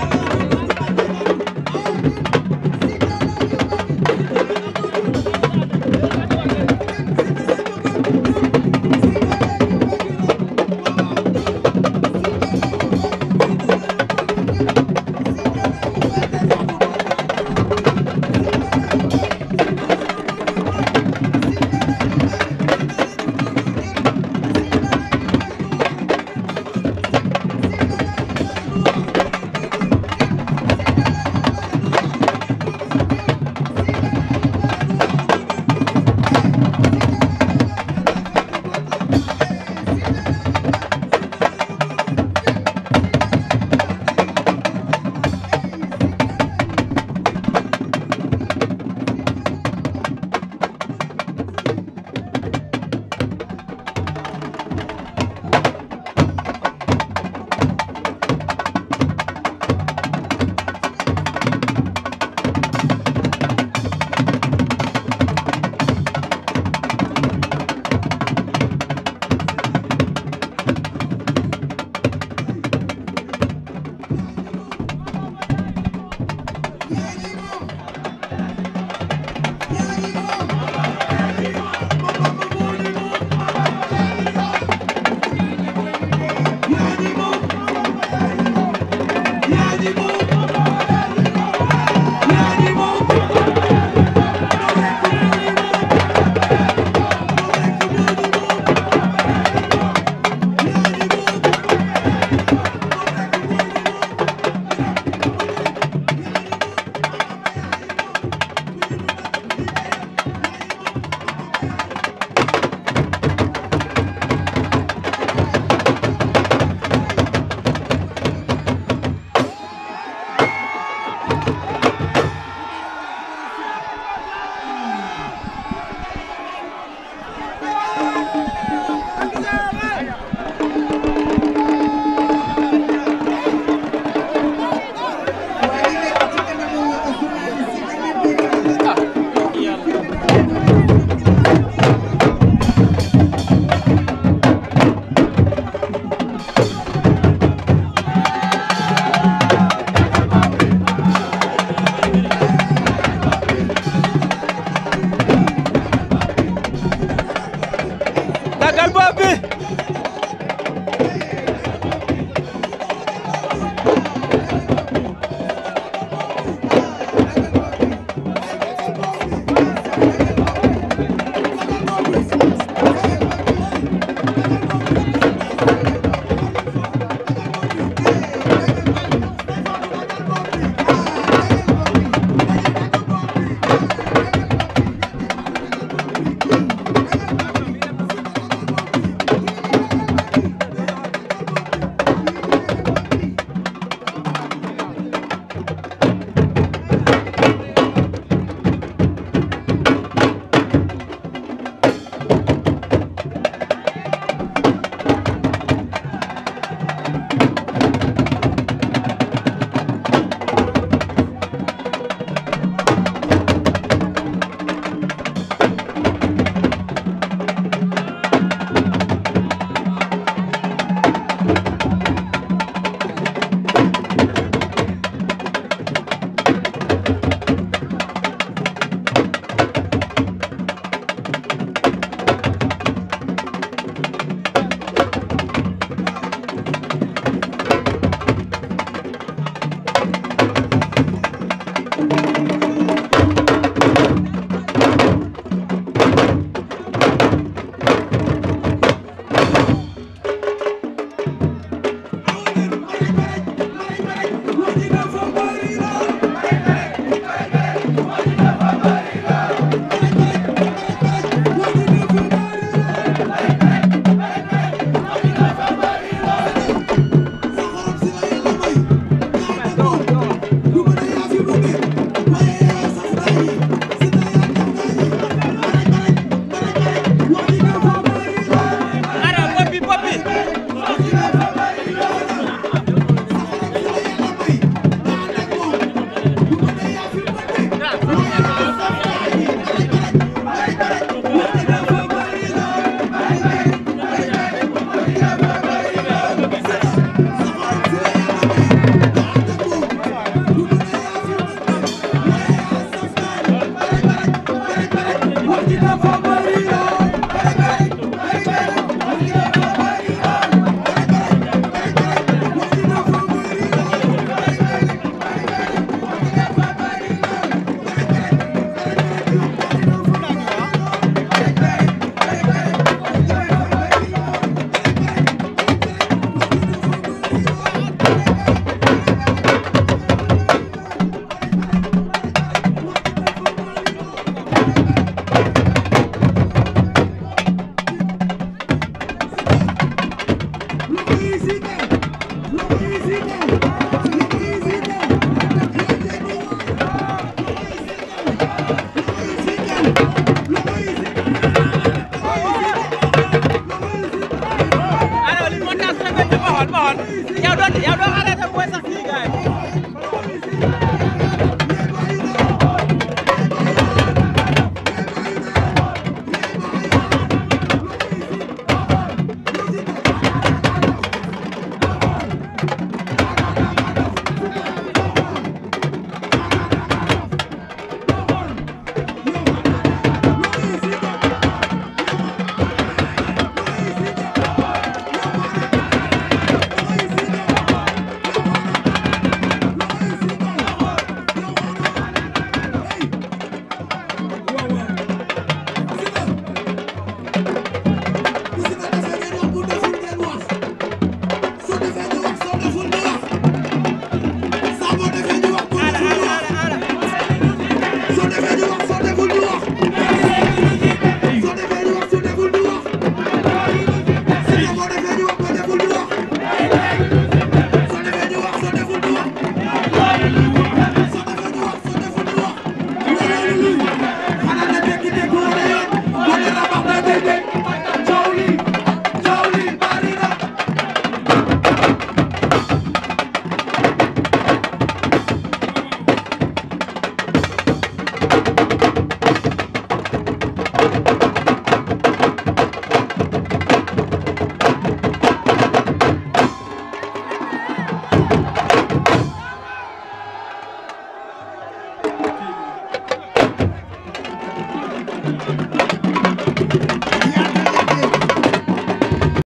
you jël bopp bi